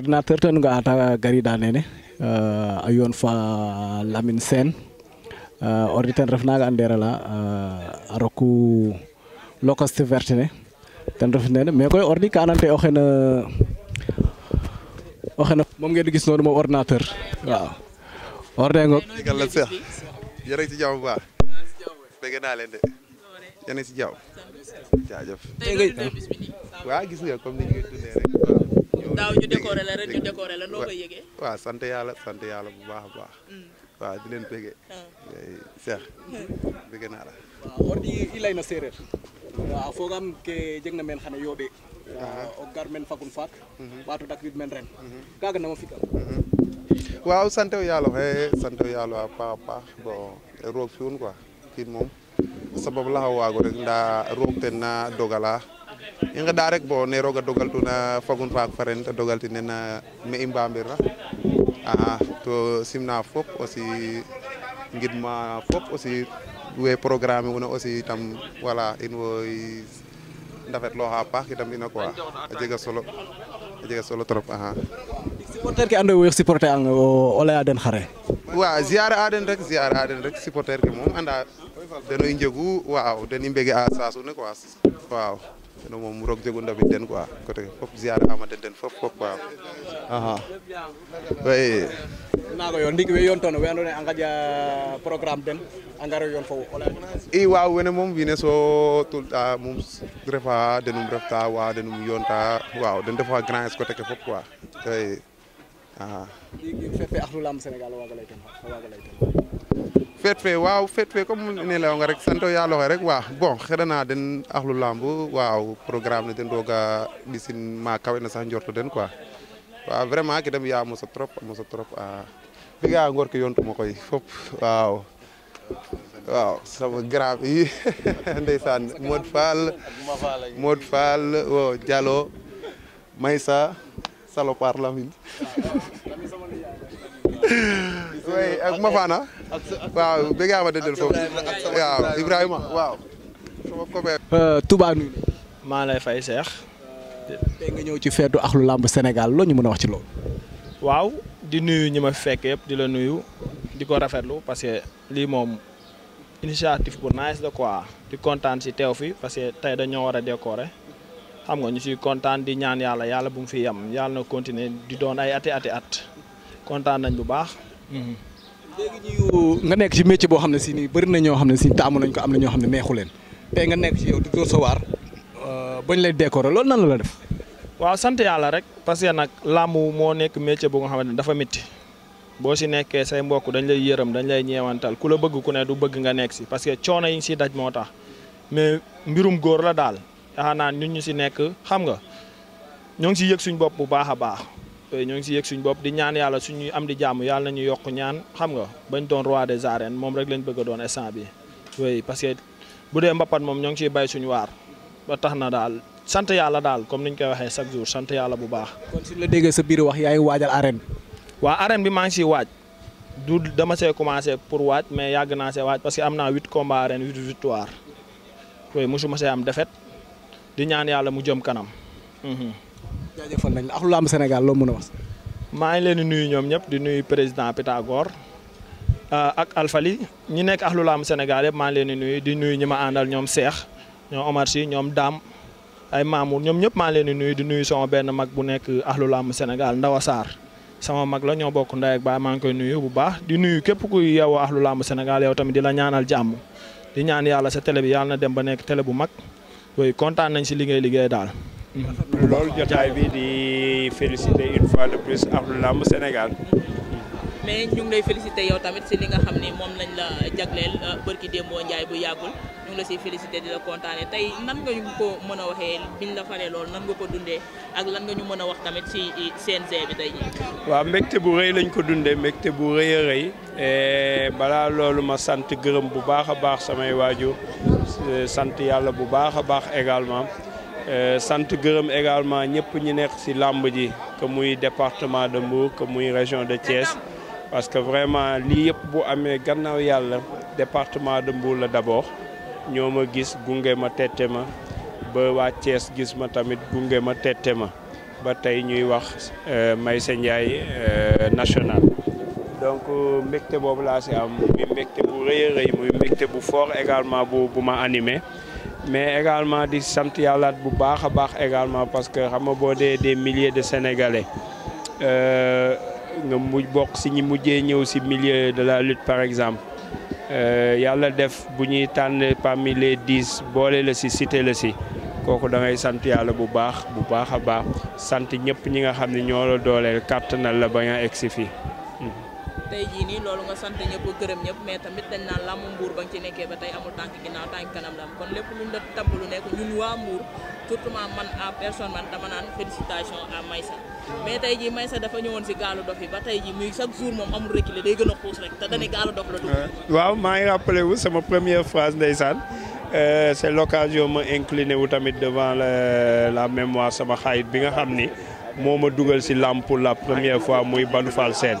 coordinateur tan ga ata garida nene uh, eh, a yoon fa lamine sen euh ordi ten ref naga kan a nderala uh, a eh, roku locaste verte ne tan ref nene mais koy ordi o xena o xena mom ngeen gis nonu mo ordinateur waaw ya. orde ngok galla cheikh yere ci jamm ba bege na len de yene ci jamm jaajeuf wa gis nga comme ni ngay tourner rek daaw ñu décoré la ren ñu décoré la koy yëgee. waaw sant yàlla sant yàlla bu baax a baax. Mm. waaw di leen bëggee. Ah. Cheikh mm. bëgg naa la. waaw ordi i layna séeréer. waaw fogaam ke jeg na meen xane o gar fagun faak. ɓaato mhm. dakwiid men ren. Mhm. kaaga nama fi'kaa. Mhm. waaw sant yàlla xëy eh, sant yàlla a paax a paax roog fi'un quoi kiin moom sabab la xa waago rek ndaa roog dogala. ingeɗa rek bo ne roga na fagun faak faren ta dogal tin na me i ra aha to simna fop aussi ngidma fop aussi we programme wona aussi tam voilà in woy ndafetloxa paax itam ina quoi djega solo djega solo trop aha supporter ke ando wex supporter ang o leya den xare wa ziar aden rek ziar aden rek supporter ke mom anda dañuy njëgu waaw dañuy mbége a saasu ne quoi waaw no moom roog jegu ndamit den quoi côté fop ziare ama den den fop fop waaw a a wene moom wiin we so tulta moom refa denum refta wa denum yoonta waaw den ndefa grand es côté ke fop quoi feet fee lamb Sénégal waaga lay lay ten feet fee waaw feet fee comme ne layo nga rek santo ya loxe rek waaw bon xedana den axlu lamb waaw programme ne den roga mbisin ma kawe sax njorto den quoi waaw vraiment ke dem ya moso trop a moso trop a figa ngor ke yoontuma koy fop waaw Maysa salopard Lamine oui waaw bëgg naa ma euh, nuyu maa fay Seex euh, tey nga ci feetu axlu làmb Sénégal loo ñu mën a wax ci loolu waaw di nuyu ñi ma fekk yëpp di la nuyu di ko rafetlu parce que lii moom initiative bu nice de quoi di kontaan si teew fi parce que tey dañoo war a décorer xam nga ñu ci contane di ñaan yalla yalla bu mu fi yam yalla na continuer di doon ay ati ati at contane nañ bu baax. léegi ñu nga nekk ci métier bo xamné ci ni bari bëri na ñoo xam ne si nañ ko am na ño xamné neexu leen té nga nekk ci yow di dóor sa euh bañ lay décorer lool nan la def. waaw sante yalla rek parce que nak lamu mo nekk métier bu nga xamné dafa metti bo si nekké say mbokk dañ lay yërëm dañ lay ñewantal ku la bëgg ku ne du bëgg nga nekk ci parce que coono yi ci daj motax mais mbirum góor la dal xanaa nit ñu si nekk xam nga ñoo ngi si yëg suñ bopp bu baax a baax eh, ñoo ngi si yëg suñ bopp di ñaan yàlla suñu am di jàmm yàlla nañu yokk ñaan xam nga bañ doon roi des arènes moom rek lañ bëgg a doon instant bi oui parce que bu dee mbapat moom ñoo ngi ciy bay suñu waar ba tax na daal sant yàlla daal comme niñ koy waxee chaque jour sant yàlla bu baax. kon suñ la déggee sa biir wax yaa ngi waajal arène. waa arène bi maa ngi siy waaj du dama see commencé pour waaj mais yàgg naa see waaj parce am naa huit combats arène huit victoire oui mosuma see am défaite di ñaan yalla mu jëm kanam. hmm jajeufal nañ la ak lu am Sénégal loo wax. ma ngi leen nuyu ñom ñep di nuyu président Pythagore euh, ak Alfali ñi nek ak lu am Sénégal yëpp ngi leen nuyu di nuyu ñima andal ñom cheikh ñom Omar Sy ñom dam ay Mamour ñom ñep ma ngi leen nuyu di nuyu sama benn mag bu nek ak lu am Sénégal Ndawa sama mag la ñoo bokk nday ak ba ma ngi koy nuyu bu baax di nuyu kep ku yow ahlu làmb Sénégal yow tamit di la ñaanal jamm di ñaan yalla sa télé bi yalla na dem ba nek télé bu mag oui kontaan nañ si li ngay liggéey daal. loolu jotaay bi di féliciter une fois de plus ak lamb Sénégal. mais ñu ngi lay félicité yow tamit si li nga xam ni moom lañ la jagleel euh, bërki démboo Njaay bu yàggul ñu ngi la siy félicité di la kontaane tey nan nga ñu ko mën a waxee biñ la faree lool nan nga ko dundee ak lan nga ñu mën a wax tamit si CNG bi tey jii. waaw mbégte bu rëy lañ ko dundee mbégte bu rëy a rëy e, balaa loolu ma sant gërëm bu baax a baax samay waajur e, sant yàlla bu baax a baax également e, sant gërëm également ñëpp ñu nekk si làmb ji que muy département de Mbour muy région de Thiès. parce que vraiment lire pour bu département de Mboula d'abord nous avons gis gungé ma tette ma ba que Thiès gis ma tamit gungé ma euh, euh, national donc euh, fort également pour mais également di également parce que nous suis des milliers de sénégalais. nga mu bokk si ñi mujjee ñëw si milieu de la lute par exemple euh, yàlla def bu ñuy tànn parmi les dix boole la si cité la si kooku da sant yàlla bu baax bu baax a baax sant ñëpp ñi nga xam ne ñoo la dooleel kàttanal la ba nga egsi fii tay ji ni lolou nga sante ñëpp gërëm ñëpp mais tamit dañ na lamu mbuur ba nga ci nekké ba tay amul tank ginaaw tank kanam la kon lepp luñ la tàmb lu nekk ñun wa mbuur surtout man à personne man dama nan félicitations à Maïssa mais tay ji Maïssa dafa ñëwoon si galu dofi ba tay ji muy chaque jour mom amul reculé day gëna xoss rek ta dañu galu dof la dugg. waaw ma ngi rappelé wu sama première phrase ndaysan Euh, c'est l'occasion ma incliné wu tamit devant le, la mémoire sama xayit bi nga xamni ni moo ci dugal si pour la première fois muy banu Fall Sène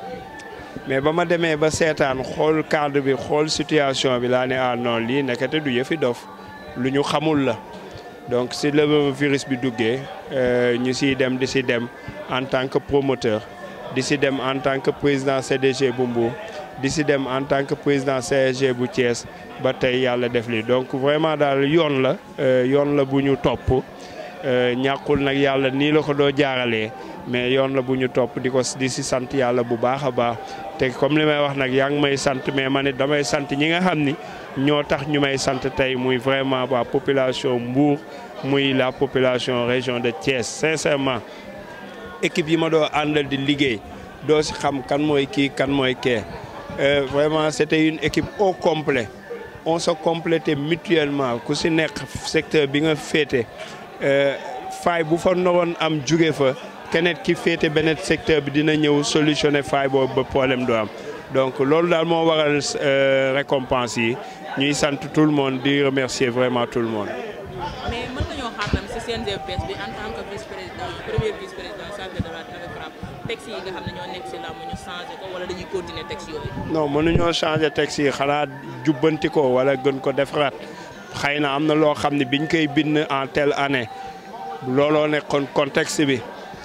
mais bama ma ba seetaan xool cadre bi xool situation bi la ne ah non li nekkate du yëfi dof luñu xamul la donc si le virus bi euh ñu ci dem di dem en tant que promoteur di dem en tant que président CDG Bumbu Mbour di dem en tant que président CSG bu Thiès ba tay yalla def li donc vraiment dal yoon la euh, yoon la buñu top euh ñàkkul nak yalla ni la ko doo mais yoon la buñu top, diko di ci sante yalla bu baax ba té comme limay wax nak yang may sante mais mané damay sante ñi nga xam ni tax ñu may sante tay muy vraiment waa population Mbour muy la population région de Thiès sincèrement équipe yi ma do andal di liggéey do si xam kan moy ki kan ké euh, vraiment c'était une équipe au complet on se complétait mutuellement ku si nekk secteur bi nga euh, fay bu fa naroon am jóge fa kenet ki féete benet secteur bi dina ñëw solutioner fay bo problème do am donc loolu dal mo waral euh, récompense yi ñuy sant tout le monde di remercier vraiment tout le monde. mais mën nañoo xam tam si CNG bees bi en tant que vice président premier vice président chargé de la texte yi nga xam ne ñoo nekk si làmb ñu changer ko wala dañuy continuer texte yooyu. non mënuñoo changé texte yi xala jubbanti ko wala gën ko def rat xeyna amna lo xamni biñ koy bind en telle année looloo nekkoon contexte bi.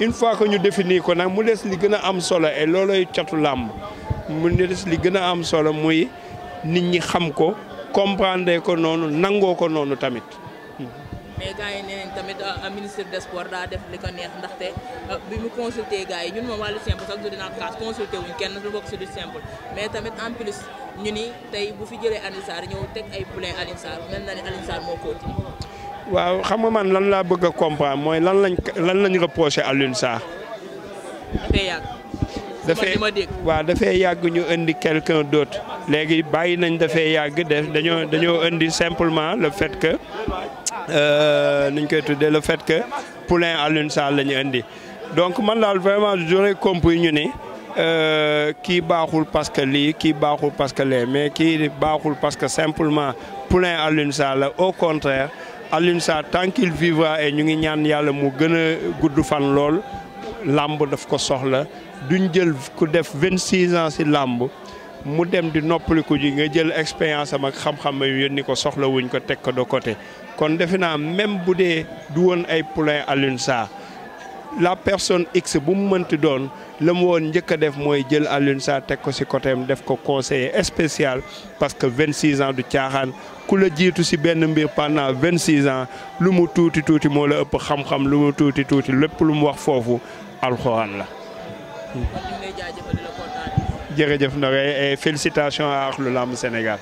une fois que ñu définir ko nag mu des li gën a am solo et loolooy catu làmb mu des li gën a am solo muy nit ñi xam ko comprendre ko noonu nangoo ko noonu tamit. mais gars yi nee nañ tamit euh, ministre des sports daa def li ko neex ndaxte euh, bi mu consulter gars yi ñun moom wàllu simple sax du dina kaas consulter wuñ kenn du bokk si du simple mais tamit en ñu ni tey bu fi jëlee Alioune Sarr ñëw teg ay poulain Alioune mel na ne Alioune Sarr moo ko Je ne nga pas lan bëgg quelqu'un d'autre simplement le fait que euh, le fait que poulain à' l'une donc je vraiment j'aurais compris ñu euh, parce que lui, qui parce que les mais qui parce que simplement poulain à l'une salle au contraire Alioune Sarr tant qu'il vivra ñu ngi ñaan yàlla mu gën a gudd fan lool làmb daf ko soxla duñ jël ku def vingt six ans si làmb mu dem di noppaliku ji nga jël expérience am ak xam-xam yu yónni ko soxla wuñ ko teg ko de côté kon defe naa même bu dee du woon ay poulain Alioune Sarr la personne X bu mu mënti doon le mu woon njëkk a def mooy jël Alioune sa teg ko si côté def ko conseiller spécial parce que 26 ans du caaxaan ku la jiitu si benn mbir pendant 26 ans lu mu tuuti tuuti moo la ëpp xam-xam lu mu tuuti tuuti lépp lu mu wax foofu alxuraan la. jërëjëf Ndao et félicitations à Akhlu Lamb Sénégal.